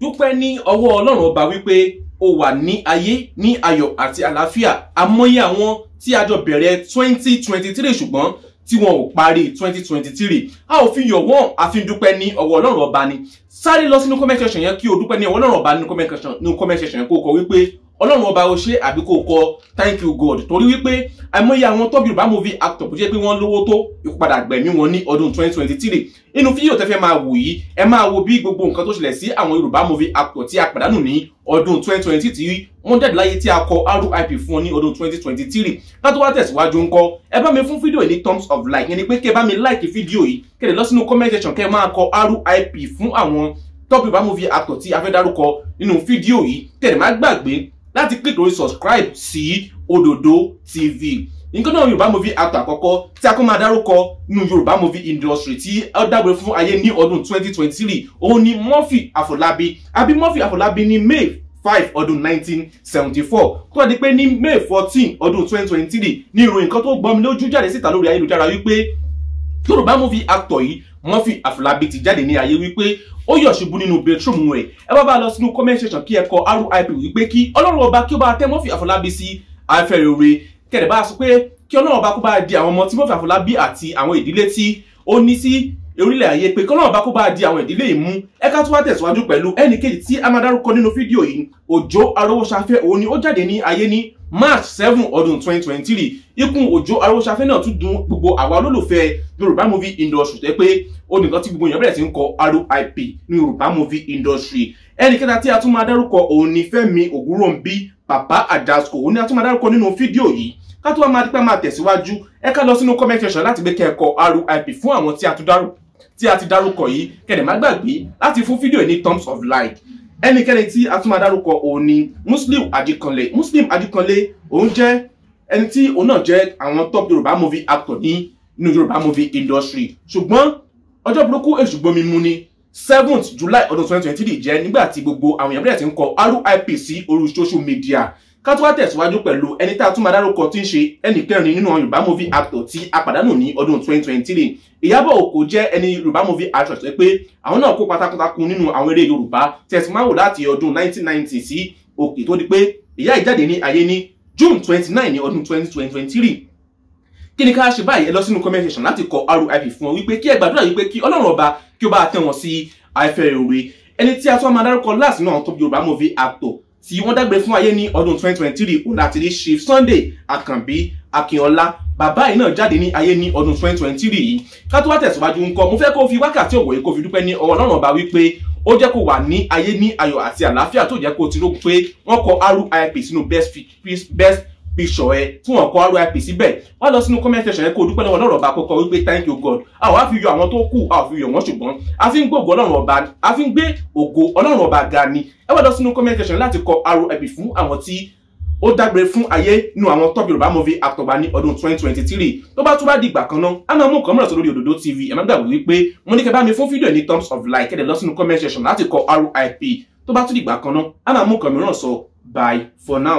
dúpẹ́ ní ọwọ́ ọlọ́run ọba wípé o wà ní ayé ní ayọ̀ àti àlàáfíà àmọ́yé àwọn tí a jọ bẹ̀rẹ̀ 2023 ṣùgbọ́n tí wọn ò parí 2023 a ò fi yọ̀ wọ́n a fi dúpẹ́ ní ọwọ́ ọlọ́run ọba ni sáré lọ sínú comment yẹn kí o dúpẹ́ ní ọwọ́ ọlọ́run ọba nínú comment section yẹn kó o kọ wípé ọlọ́run ọba o ṣé àbí kò kọ thank you god torí wípé àìmọye àwọn top yorùbá movie actor tó jẹ́ pé wọ́n lówó tó ìpadà gbẹ̀mí wọn ní ọdún 2023 inú fídíò tẹ́fẹ́ máa wò yìí ẹ máa wo bí gbogbo nǹkan tó ṣẹlẹ̀ sí àwọn yorùbá movie actor tí a pàdánù ní ọdún 2020 tí wọ́n jáde láyé tí a kọ rip fún ọ ní ọdún 2023 ká tó wá tẹ̀síwájú ńkọ́ ẹ bá mi fún fídíò yìí ní thumbs of like yẹn ni pé kí ẹ bá mi like fídíò yìí kẹ́ lè lọ sínú comment section kẹ́ ẹ máa kọ rip fún àwọn top yorùbá movie actor tí a fẹ́ dárúkọ nínú fídíò yìí tẹ̀lé má gbàgbé láti click lórí subscribe sí Òdòdó TV nǹkan náà yorùbá movie actor àkọ́kọ́ tí a kọ́ máa dárúkọ nínú yorùbá movie industry tí ó dágbére fún ayé ní ọdún 2023 òun ni Murphy Afolabi. Abi Murphy Afolabi. ní May five ọdún 1974. seventy four tó di pé ní May fourteen ọdún 2023. twenty three ní ìròyìn kan tó gbọ́n mi lójú jáde síta lórí ayélujára wípé yorùbá movie actor yìí Murphy Afolabi ti jáde ní ayé wípé ó yọ̀ ṣubú nínú bathroom rẹ̀ ẹ bá bá lọ sínú comment section kí ẹ kọ RIP wípé kí ọlọ́run ọba kí ó bá tẹ Murphy Afolabi sí afẹ́rẹ́ oore kẹ̀dẹ̀ bá sọ pé kí ọlọ́run ọba kó bá di àwọn ọmọ tí Murphy Afolabi àti àwọn ìdílé tí ó ní sí orílẹ̀ ayé pé kọ́lọ́run bá kó bá di àwọn ìdílé yìí mú ẹ ká tún wá tẹ̀síwájú pẹ̀lú ẹnìkejì tí a máa dárúkọ nínú fídíò yìí Òjó Arówóṣafẹ́ òun ni ó jáde ní ayé ní March seven ọdún twenty twenty three ikú Òjó Arówóṣafẹ́ náà tún dùn gbogbo àwa olólùfẹ́ Yorùbá movie industry tẹ́ pé ó nìkan tí gbogbo èèyàn bẹ̀rẹ̀ sí ń kọ RIP ní Yorùbá movie industry ẹnìkẹta tí a tún máa dárúkọ òun ni Fẹ́mi Ògúnròǹbí Papa Ajasco òun ni a tún máa dárúkọ nínú fídíò yìí ká tó wá máa dípẹ́ máa tẹ̀síwájú ẹ ká lọ sínú comment section láti gbé kẹ́ẹ̀kọ́ RIP fún àwọn tí a tún dárúkọ tí a ti dárúkọ yìí kẹ̀dẹ̀ má gbàgbé láti fún fídíò ní thumbs of like ẹnikẹ́ni tí a tún máa dárúkọ òun ni Muslim Ajikanle Muslim Ajikanle òun jẹ́ ẹni tí òun náà jẹ́ àwọn top Yorùbá movie actor ní inú Yorùbá movie industry ṣùgbọ́n ọjọ́ burúkú èṣù gbomi mu ni seventh July ọdún twenty twenty three jẹ́ nígbà tí gbogbo àwọn èèyàn bẹ̀rẹ̀ ti ń kọ RIP sí orí social media ká tó wá tẹ̀síwájú pẹ̀lú ẹni tá a tún máa dárúkọ tí ń ṣe ẹnì kẹrin nínú yorùbá movie actor tí a pàdánù ní ọdún 2023 ìyábọ̀ òkò jẹ́ ẹni yorùbá movie actress pé àwọn náà kó pátákótákún nínú àwọn eré yorùbá tẹ̀síwáwò láti ọdún 1990 sí òkè tó di pé ìyá ìjáde ní ayé ní june 29 ní ọdún 2023 kí ni ká ṣe báyìí ẹ lọ sínú comment section láti kọ rip fún ọ wípé kí ẹ gbàdúrà wípé kí ọlọ́run ọba kí ó bá tẹ̀ wọ́n movie actor tí wọ́n dágbé fún ayé ní ọdún 2023 òun láti rí Sunday Akànbí Akínọlá bàbá yìí náà jáde ní ayé ní ọdún 2023 yìí ká tó wá tẹ̀síwájú ńkọ́ mo fẹ́ kó fi wákàtí òwòye kó fi dúpẹ́ ní ọwọ́ Ọlọ́run ọba wípé ó jẹ́ kó wà ní ayé ní ayọ̀ àti àlàáfíà tó jẹ́ kó ti rò pé wọ́n kọ RIP sínú best picture ẹ tí wọ́n kọ rip síbẹ̀ wá lọ sínú comment section ẹ kó o dúpẹ́ lọ́wọ́ lọ́rọ̀ ọba kọ́kọ́ wípé thank you God a wá fi yọ àwọn tó kù a ò fi yọ wọ́n ṣùgbọ́n a fi ń gbògo ọlọ́run ọba a fi ń gbé ògo ọlọ́run ọba ga ni ẹ wá lọ sínú comment section láti kọ rip fún àwọn tí ó dágbére fún ayé nu àwọn top yorùbá movie àtọ̀gbà ní ọdún 2023 tó bá tún bá di ìgbà kan náà a máa mú nǹkan mìíràn sórí òdòdó tv ẹ má gbàgbé wípé mo ní kẹ́ bá mi fún fídíò ní thumbs of like kẹ́dẹ̀ lọ sínú comment section láti kọ rip tó bá tún di ìgbà kan náà a máa mú nǹkan mìíràn sọ bye for now.